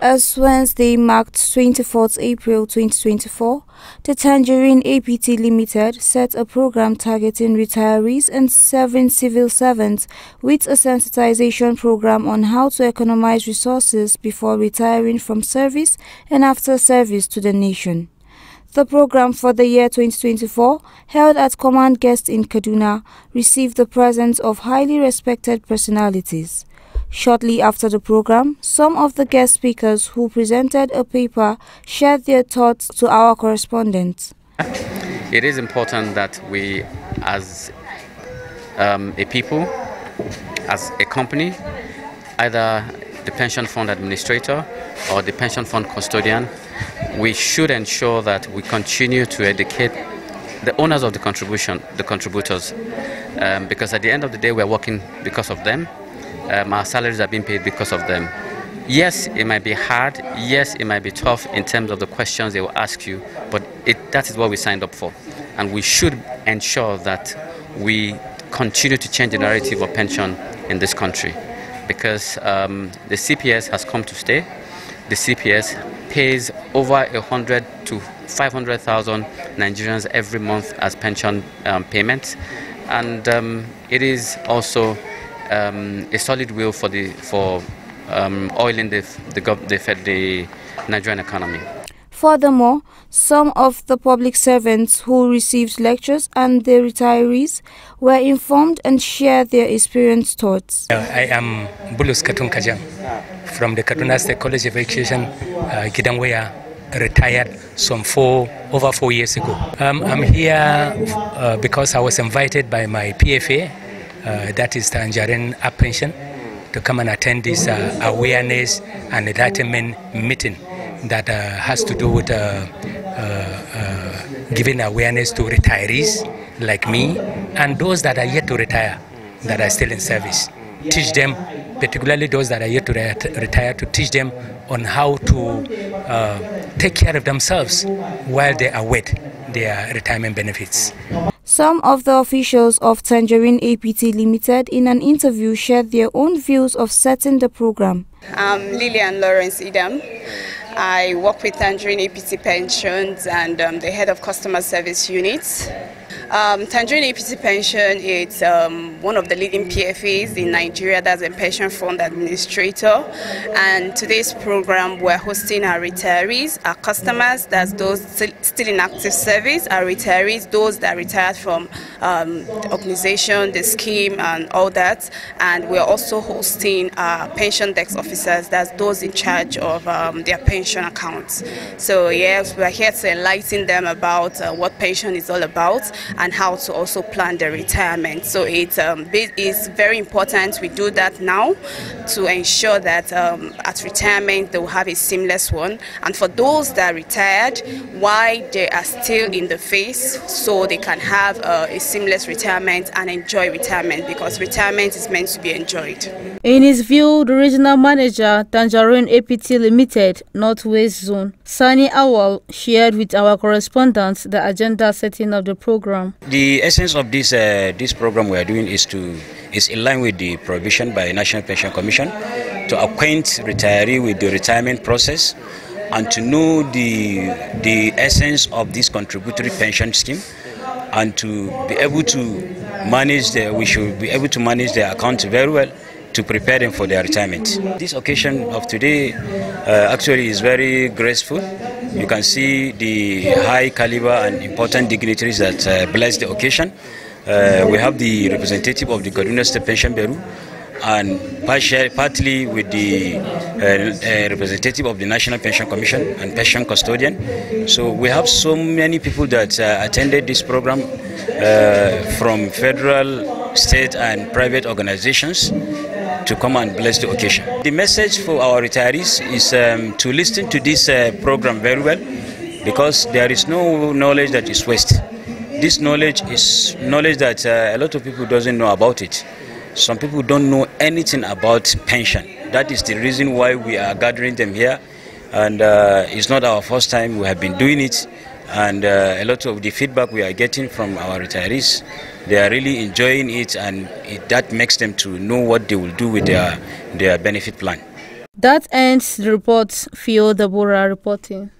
As Wednesday marked 24th April 2024, the Tangerine APT Limited set a program targeting retirees and serving civil servants with a sensitization program on how to economize resources before retiring from service and after service to the nation. The program for the year 2024, held at Command Guest in Kaduna, received the presence of highly respected personalities. Shortly after the program, some of the guest speakers who presented a paper shared their thoughts to our correspondent. It is important that we, as um, a people, as a company, either the pension fund administrator or the pension fund custodian, we should ensure that we continue to educate the owners of the contribution, the contributors, um, because at the end of the day, we're working because of them um, our salaries are being paid because of them. Yes, it might be hard. Yes, it might be tough in terms of the questions they will ask you, but it, that is what we signed up for. And we should ensure that we continue to change the narrative of pension in this country because um, the CPS has come to stay. The CPS pays over 100 to 500,000 Nigerians every month as pension um, payments, and um, it is also um, a solid will for the for um, oiling the the, the the Nigerian economy. Furthermore, some of the public servants who received lectures and the retirees were informed and shared their experience thoughts. Uh, I am Bulus Katun Kajam from the Kaduna State College of Education, uh, retired some four over four years ago. Um, I'm here uh, because I was invited by my PFA uh, that is Tangerine Apprension, to come and attend this uh, awareness and enlightenment meeting that uh, has to do with giving awareness to retirees like me and those that are yet to retire, that are still in service. Teach them, particularly those that are yet to re retire, to teach them on how to uh, take care of themselves while they await their retirement benefits. Some of the officials of Tangerine APT Limited in an interview shared their own views of setting the program. I'm Lillian Lawrence Idam. I work with Tangerine APT Pensions and um, the head of customer service units. Um, Tangerine APC Pension is um, one of the leading PFAs in Nigeria that's a pension fund administrator. And today's program, we're hosting our retirees, our customers, that's those still in active service, our retirees, those that retired from um, the organization, the scheme, and all that. And we're also hosting our pension desk officers, that's those in charge of um, their pension accounts. So, yes, we're here to enlighten them about uh, what pension is all about and how to also plan their retirement. So um, it's, um, very important we do that now to ensure that um, at retirement they will have a seamless one. And for those that are retired, why they are still in the face so they can have uh, a seamless retirement and enjoy retirement because retirement is meant to be enjoyed. In his view, the regional manager, Tangerine APT Limited, Northwest Zone, Sani Awal, shared with our correspondents the agenda setting of the program program? The essence of this, uh, this program we are doing is, to, is in line with the provision by National Pension Commission to acquaint retiree with the retirement process and to know the, the essence of this contributory pension scheme and to be able to manage their, we should be able to manage their account very well to prepare them for their retirement. This occasion of today uh, actually is very graceful. You can see the high caliber and important dignitaries that uh, bless the occasion. Uh, we have the representative of the Kaduna State Pension Bureau and partly with the uh, uh, representative of the National Pension Commission and pension custodian. So we have so many people that uh, attended this program uh, from federal, state and private organizations to come and bless the occasion. The message for our retirees is um, to listen to this uh, program very well because there is no knowledge that is wasted. This knowledge is knowledge that uh, a lot of people doesn't know about it. Some people don't know anything about pension. That is the reason why we are gathering them here and uh, it's not our first time we have been doing it and uh, a lot of the feedback we are getting from our retirees they are really enjoying it and it, that makes them to know what they will do with their, their benefit plan. That ends the report. Fio reporting.